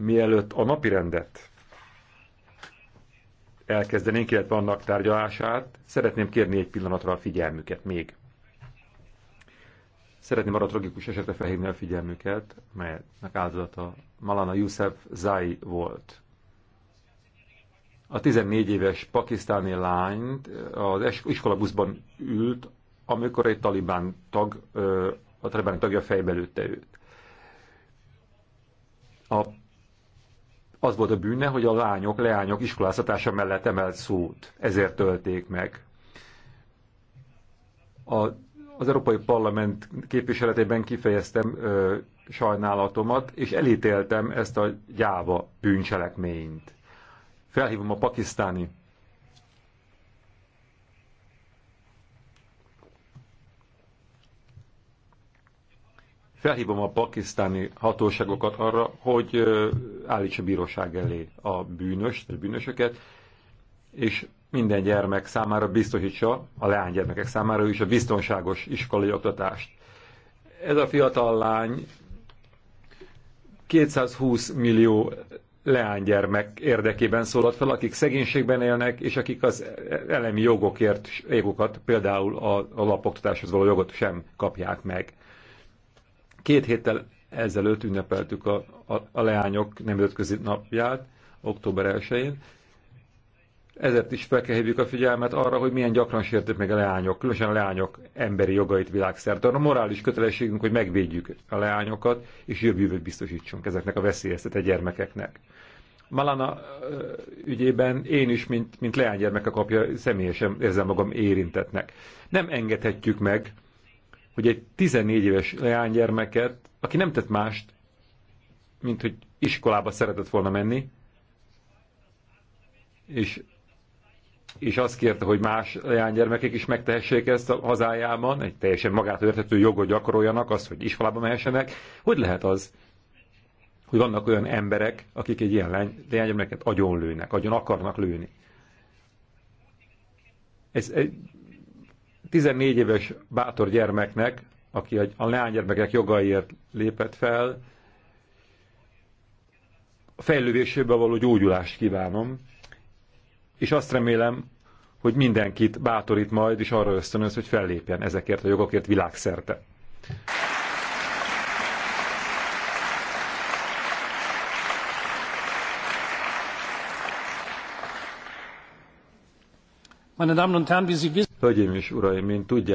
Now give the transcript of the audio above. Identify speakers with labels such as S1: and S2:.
S1: mielőtt a napi rendet elkezdenénk, illetve annak tárgyalását, szeretném kérni egy pillanatra a figyelmüket még. Szeretném arra a tragikus esetre felhívni a figyelmüket, melynek áldozata Malana Youssef Zai volt. A 14 éves pakisztáni lányt az iskolabuszban ült, amikor egy talibán tag, a talibán tagja fejbe lőtte őt. A az volt a bűne, hogy a lányok, leányok iskoláztatása mellett emelt szót. Ezért tölték meg. A, az Európai Parlament képviseletében kifejeztem ö, sajnálatomat, és elítéltem ezt a gyáva bűncselekményt. Felhívom a pakisztáni Felhívom a pakisztáni hatóságokat arra, hogy állítsa bíróság elé a bűnös, a bűnösöket, és minden gyermek számára biztosítsa, a leánygyermekek számára is a biztonságos iskolai oktatást. Ez a fiatal lány 220 millió leánygyermek érdekében szólott fel, akik szegénységben élnek, és akik az elemi jogokért, jogokat, például a, a lapoktatáshoz való jogot sem kapják meg. Két héttel ezelőtt ünnepeltük a, a, a leányok nemzetközi napját, október 1-én. Ezért is fel kell a figyelmet arra, hogy milyen gyakran sértik meg a leányok, különösen a leányok emberi jogait világszerte. A morális kötelességünk, hogy megvédjük a leányokat, és jobb jövőt biztosítsunk ezeknek a veszélyeztetett gyermekeknek. Malana ügyében én is, mint, mint leánygyermeke kapja, személyesen érzem magam érintetnek. Nem engedhetjük meg, hogy egy 14 éves leánygyermeket, aki nem tett mást, mint hogy iskolába szeretett volna menni, és, és azt kérte, hogy más leánygyermekek is megtehessék ezt a hazájában, egy teljesen magát értető jogot gyakoroljanak, azt, hogy iskolába mehessenek. Hogy lehet az, hogy vannak olyan emberek, akik egy ilyen leánygyermeket agyon lőnek, agyon akarnak lőni? Ez 14 éves bátor gyermeknek, aki a leánygyermekek jogaiért lépett fel, a fejlődésébe való gyógyulást kívánom, és azt remélem, hogy mindenkit bátorít majd, és arra ösztönöz, hogy fellépjen ezekért a jogokért világszerte. Hölgyeim és uraim, mint tudják,